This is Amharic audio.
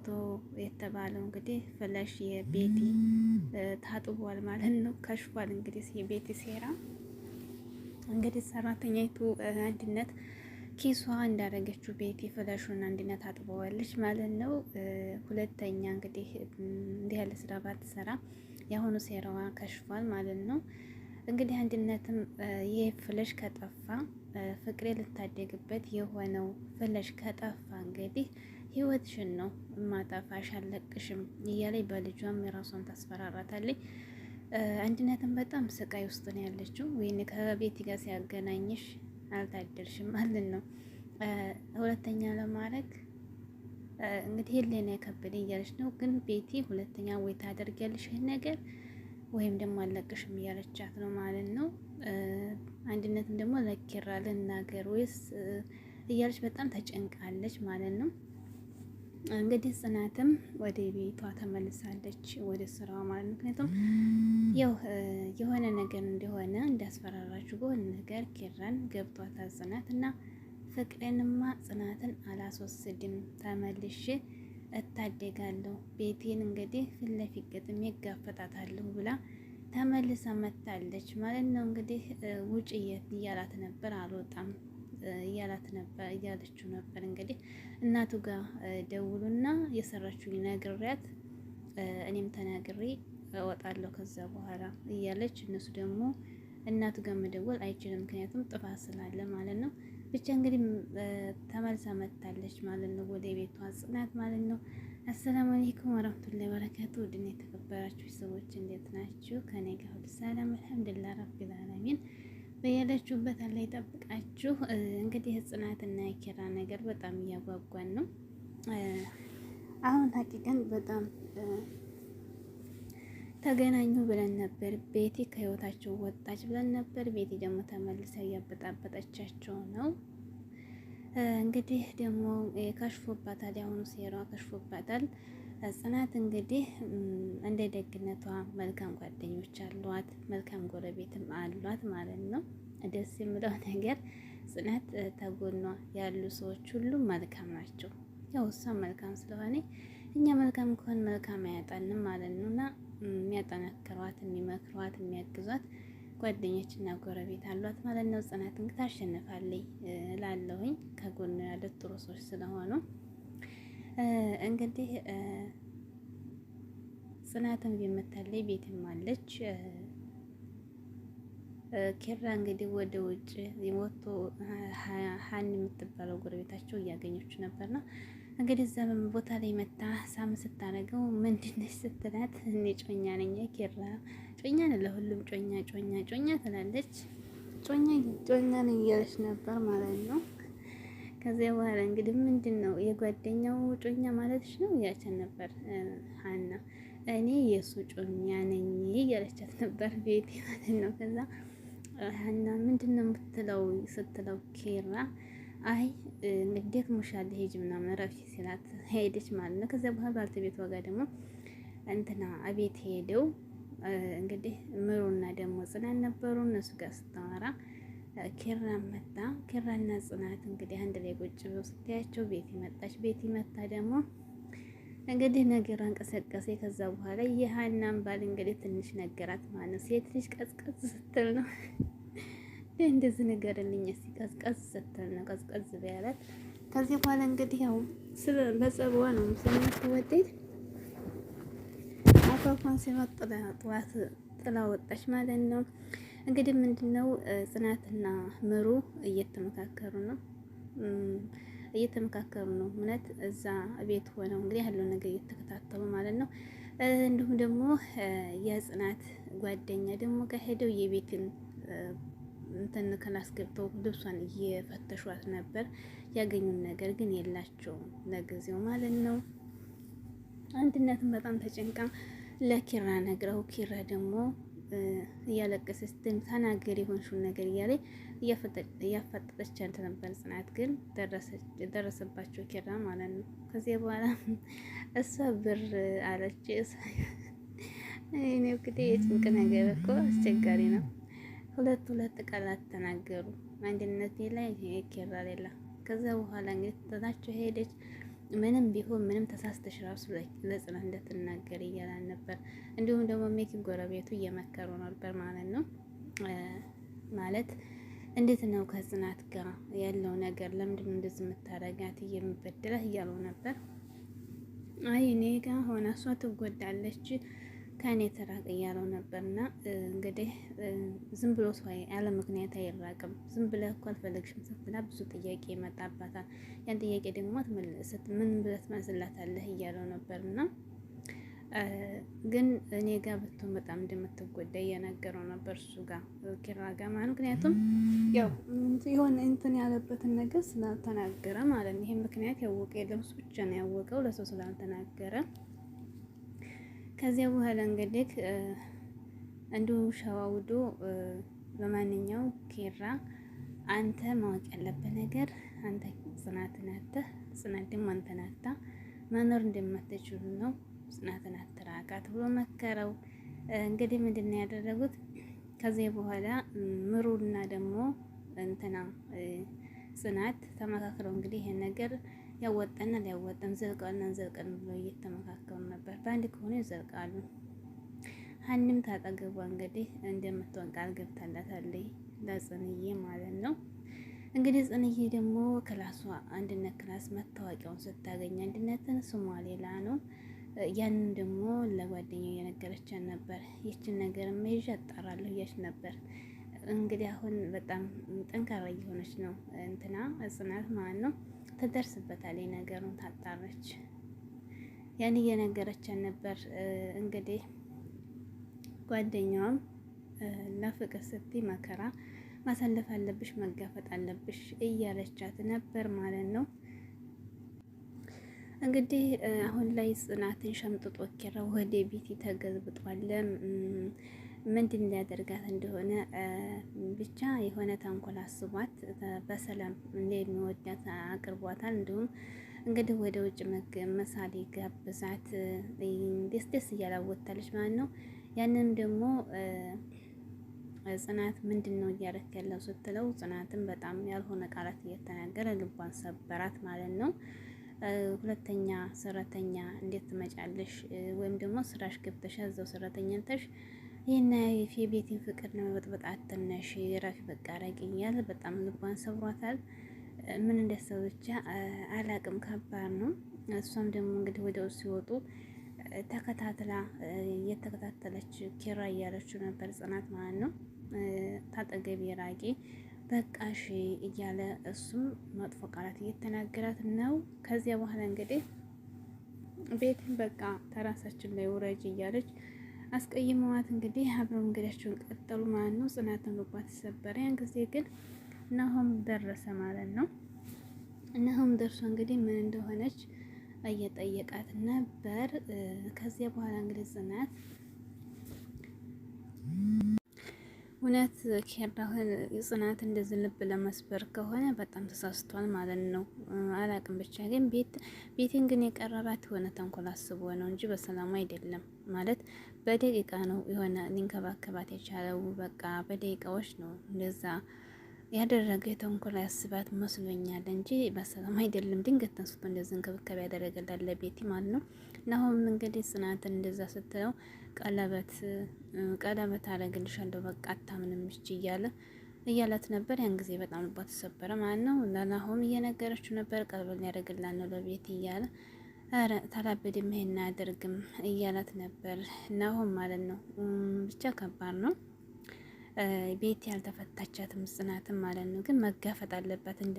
አግብቶ የተባለው እንግዲህ ፍለሽ የቤቲ ታጥቧል ማለት ነው። ከሽፏል እንግዲህ የቤቲ ሴራ እንግዲህ ሰራተኛይቱ አንድነት ኪሷ እንዳደረገችው ቤቲ ፍለሹን አንድነት አጥበዋለች ማለት ነው። ሁለተኛ እንግዲህ እንዲህ ያለ ስራ ባትሰራ የአሁኑ ሴራዋ ከሽፏል ማለት ነው። እንግዲህ አንድነትም ይህ ፍለሽ ከጠፋ ፍቅሬ ልታደግበት የሆነው ፍለሽ ከጠፋ እንግዲህ ህይወትሽን ነው እማጠፋሽ አለቅሽም እያለኝ በልጇም የራሷን ታስፈራራታለች። አንድነትን በጣም ስቃይ ውስጥ ነው ያለችው። ወይኔ ከቤት ጋር ሲያገናኝሽ አልታደርሽም ማለት ነው። ሁለተኛ ለማድረግ እንግዲህ ሄሌና የከበደ እያለች ነው። ግን ቤቲ ሁለተኛ ወይ ታደርጊያለሽ ይህን ነገር ወይም ደግሞ አለቅሽም እያለቻት ነው ማለት ነው። አንድነትም ደግሞ ለኪራ ልናገር ወይስ እያለች በጣም ተጨንቃለች ማለት ነው። እንግዲህ ጽናትም ወደ ቤቷ ተመልሳለች፣ ወደ ስራዋ ማለት ምክንያቱም ያው የሆነ ነገር እንደሆነ እንዳስፈራራችሁ በሆነ ነገር ኪራን ገብቷታ ጽናት እና ፍቅሬንማ ጽናትን አላስወስድም፣ ተመልሽ እታደጋለሁ፣ ቤቴን እንግዲህ ፊት ለፊት ገጥሜ እጋፈጣታለሁ ብላ ተመልሳ መታለች ማለት ነው። እንግዲህ ውጭ እያላት ነበር፣ አልወጣም እያላት ነበር እያለችው ነበር። እንግዲህ እናቱ ጋር ደውሉና የሰራችው ነግሪያት፣ እኔም ተናግሬ እወጣለሁ ከዛ በኋላ እያለች እነሱ ደግሞ እናቱ ጋር መደወል አይችልም፣ ምክንያቱም ጥፋት ስላለ ማለት ነው። ብቻ እንግዲህ ተመልሳ መጥታለች ማለት ነው፣ ወደ ቤቷ ጽናት ማለት ነው። አሰላሙ አለይኩም ወራህመቱላሂ ወበረካቱ። ውድና የተከበራችሁ ሰዎች እንዴት ናችሁ? ከኔ ጋር ሁሉ ሰላም አልሐምዱሊላህ ረቢል ዓለሚን በያላችሁበት አላ ይጠብቃችሁ። እንግዲህ ጽናትና የኪራ ነገር በጣም እያጓጓን ነው። አሁን ሀቂቀን በጣም ተገናኙ ብለን ነበር። ቤቲ ከህይወታቸው ወጣች ብለን ነበር። ቤቲ ደግሞ ተመልሳ እያበጣበጠቻቸው ነው። እንግዲህ ደግሞ ከሽፎባታል፣ የአሁኑ ሴራ ከሽፎባታል። ጽናት እንግዲህ እንደ ደግነቷ መልካም ጓደኞች አሏት፣ መልካም ጎረቤትም አሏት ማለት ነው። ደስ የምለው ነገር ጽናት ተጎኗ ያሉ ሰዎች ሁሉ መልካም ናቸው። ያው እሷ መልካም ስለሆነ እኛ መልካም ከሆን መልካም አያጣንም ማለት ነው እና የሚያጠናክሯት፣ የሚመክሯት፣ የሚያግዟት ጓደኞች ጎረቤት አሏት ማለት ነው። ጽናት እንግዲህ ታሸንፋለች እላለሁኝ ከጎኗ ያሉት ጥሩ ሰዎች ስለሆኑ እንግዲህ ጽናትም የምታለይ ቤትም አለች። ኬራ እንግዲህ ወደ ውጭ ወጥቶ ሀን የምትባለው ጎረቤታቸው እያገኘች ነበርና እንግዲህ እዛ ቦታ ላይ መታ ሳም ስታደርገው ምንድነች ስትላት፣ እኔ ጮኛ ነኝ ኬራ ጮኛ ነው ለሁሉም ጮኛ ጮኛ ጮኛ ትላለች። ጮኛ ጮኛ ነው እያለች ነበር ማለት ነው። ከዚያ በኋላ እንግዲህ ምንድን ነው የጓደኛው ጮኛ ማለትሽ ነው እያችን ነበር ሀና። እኔ የእሱ ጮኛ ነኝ እያለቻት ነበር ቤቴ ማለት ነው። ከዛ ሀና ምንድን ነው የምትለው ስትለው ኬራ አይ እንዴት ሙሻል ሄጅ ምናምን ረፊ ሲላት ሄደች ማለት ነው። ከዚያ በኋላ ባልተቤቷ ጋር ደግሞ እንትና አቤት ሄደው እንግዲህ ምሩና ደግሞ ጽናን ነበሩ እነሱ ጋር ስታወራ ኪራን መጣ። ኪራና ጽናት እንግዲህ አንድ ላይ ቁጭ ብለው ስታያቸው ቤቲ መጣች። ቤቲ መታ ደግሞ እንግዲህ ነገር አንቀሰቀሰ። ከዛ በኋላ የሀናን ባል እንግዲህ ትንሽ ነገራት ማለት ነው። ሴት ልጅ ቀዝቀዝ ስትል ነው እንደዚህ ነገር ልኝ እስኪ ቀዝቀዝ ስትል ነው ቀዝቀዝ በያላት። ከዚህ በኋላ እንግዲህ ያው ስለ በጸባዋ ነው ስለምትወደድ አፋፏን ሲኖር ጥላ ጥላ ወጣች ማለት ነው። እንግዲህ ምንድነው ጽናትና ምሩ እየተመካከሩ ነው እየተመካከሩ ነው። እውነት እዛ ቤት ሆነው እንግዲህ ያለው ነገር እየተከታተሉ ማለት ነው። እንዲሁም ደግሞ የጽናት ጓደኛ ደግሞ ከሄደው የቤትን እንትን ክላስ ልብሷን እየፈተሿት ነበር። ያገኙን ነገር ግን የላቸውም ለጊዜው ማለት ነው። አንድነትን በጣም ተጨንቃ ለኪራ ነግረው ኪራ ደግሞ እያለቀሰች ድም ተናገር የሆንሽውን ነገር እያለ እያፈጠጠች ያንተ ነበር። ጽናት ግን ደረሰባቸው ኪራ ማለት ነው። ከዚህ በኋላ እሷ ብር አለች። እኔ ግዴ የጭንቅ ነገር እኮ አስቸጋሪ ነው። ሁለት ሁለት ቃላት ተናገሩ። አንድነት ሌላ፣ ኪራ ሌላ። ከዛ በኋላ እንግዲህ ትታቸው ሄደች። ምንም ቢሆን ምንም ተሳስተሽ ራሱ ለጽናት እንደትናገር እያላን ነበር። እንዲሁም ደግሞ ሜኪ ጎረቤቱ እየመከሩ ነበር ማለት ነው። ማለት እንዴት ነው ከጽናት ጋር ያለው ነገር ለምንድን ነው እንደዚህ የምታረጋት እየምበድላት እያለው ነበር። አይ እኔ ጋር ሆና እሷ ትጎዳለች ከእኔ ተራቅ እያለው ነበርና እንግዲህ ዝም ብሎ ሰው ያለ ምክንያት አይራቅም። ዝም ብለህ እኮ አልፈለግሽም ስትላ ብዙ ጥያቄ ይመጣባታል። ያን ጥያቄ ደግሞ ምን ብለህ ትመልስላታለህ እያለው ነበርና ግን እኔ ጋር ብትሆን በጣም እንደምትጎዳ እየነገረው ነበር እሱ ጋር ኪራ ጋር ማለት ምክንያቱም ያው የሆነ እንትን ያለበትን ነገር ስላልተናገረ ማለት ነው። ይሄ ምክንያት ያወቀ የለም እሱ ብቻ ነው ያወቀው ለሰው ስላልተናገረ ከዚያ በኋላ እንግዲህ እንዲሁ ሸዋውዶ በማንኛው ኬራ አንተ ማወቅ ያለብህ ነገር አንተ ጽናትን አተህ ጽናት ደግሞ አንተን አታ መኖር እንደማትችሉ ነው። ጽናትን አትራቃት ብሎ መከረው። እንግዲህ ምንድን ነው ያደረጉት? ከዚያ በኋላ ምሩና ደግሞ እንትና ጽናት ተመካክረው እንግዲህ ይሄን ነገር ያወጣና ያወጣን ዘልቃልና ዘልቀን ብሎ እየተመካከሉ ነበር። በአንድ ከሆነ ይዘልቃሉ። ሀኒም ታጠገቧ እንግዲህ እንደምትሆን ቃል ገብታላታለች ለጽንዬ ማለት ነው። እንግዲህ ጽንዬ ደግሞ ክላሷ አንድነት ክላስ መታወቂያውን ስታገኝ አንድነትን ስሟ ሌላ ነው። ያንን ደግሞ ለጓደኛው እየነገረችን ነበር። ይችን ነገር መይዣ አጣራለሁ እያች ነበር። እንግዲህ አሁን በጣም ጠንካራ እየሆነች ነው እንትና ጽናት ማለት ነው። ትደርስበታል ነገሩን ታጣረች። ያን እየነገረችን ነበር። እንግዲህ ጓደኛዋም ለፍቅር ስትይ መከራ ማሳለፍ አለብሽ፣ መጋፈጥ አለብሽ እያለቻት ነበር ማለት ነው። እንግዲህ አሁን ላይ ጽናትን ሸምጥጦ ኪራ ወደ ቤቲ ተገልብጧል። ምንድን ሊያደርጋት እንደሆነ ብቻ የሆነ ተንኮል አስቧል። በሰላም እንደሚወዳት አቅርቧታል። እንዲሁም እንግዲህ ወደ ውጭ መሳሌ ጋብዛት ደስ ደስ እያላወታለች ማለት ነው። ያንን ደግሞ ጽናት ምንድን ነው እያደረክ ያለው ስትለው ጽናትን በጣም ያልሆነ ቃላት እየተናገረ ልቧን ሰበራት ማለት ነው። ሁለተኛ ሰራተኛ እንዴት ትመጫለሽ? ወይም ደግሞ ስራሽ ገብተሻ እዛው ሰራተኛ ይህና የቤቴን ፍቅር ለመበጥበጥ አትነሽ ረፊ በቃ አላገኛል። በጣም ልቧን ሰብሯታል። ምን እንደሰው ብቻ አላቅም። ከባድ ነው። እሷም ደግሞ እንግዲህ ወደ ውስጥ ሲወጡ ተከታትላ እየተከታተለች ኪራ እያለችው ነበር ጽናት ማለት ነው። ታጠገቢ ራቂ ሺ እያለ እሱም መጥፎ ቃላት እየተናገራት ነው። ከዚያ በኋላ እንግዲህ ቤትን በቃ ተራሳችን ላይ ውረጅ እያለች አስቀይመዋት እንግዲህ አብረው እንግዳቸውን ቀጠሉ ማለት ነው። ጽናትን ልቧ ተሰበረ። ያን ጊዜ ግን ናሆም ደረሰ ማለት ነው። ናሆም ደርሶ እንግዲህ ምን እንደሆነች እየጠየቃት ነበር። ከዚያ በኋላ እንግዲህ ጽናት እውነት ኬራህን ጽናት እንደዚህ ልብ ለመስበር ከሆነ በጣም ተሳስቷል ማለት ነው። አላቅም ብቻ ግን ቤት ቤቴን ግን የቀረባት የሆነ ተንኮል አስቦ ነው እንጂ በሰላሙ አይደለም ማለት በደቂቃ ነው የሆነ ሊንከባከባት የቻለው። በቃ በደቂቃዎች ነው እንደዛ ያደረገ የተንኮል ያስባት መስሎኛል እንጂ በሰላም አይደለም። ድንገት ተንስቶ እንደዚህ እንክብካቤ ያደረገላለ ቤቴ ማለት ነው። እና አሁን እንግዲህ ጽናትን እንደዛ ስትለው ቀለበት ቀለበት አደርግልሻለሁ በቃ አታምንም ይቺ እያለ እያላት ነበር። ያን ጊዜ በጣም ልቧ ተሰበረ ማለት ነው። ለናሆም እየነገረችው ነበር። ቀለበት ሊያደርግላት ነው ለቤት እያለ ኧረ ታላበድም ይሄን አያደርግም እያላት ነበር ናሆም ማለት ነው። ብቻ ከባድ ነው። ቤት ያልተፈታቻትም ጽናትም ማለት ነው። ግን መጋፈጥ አለባት።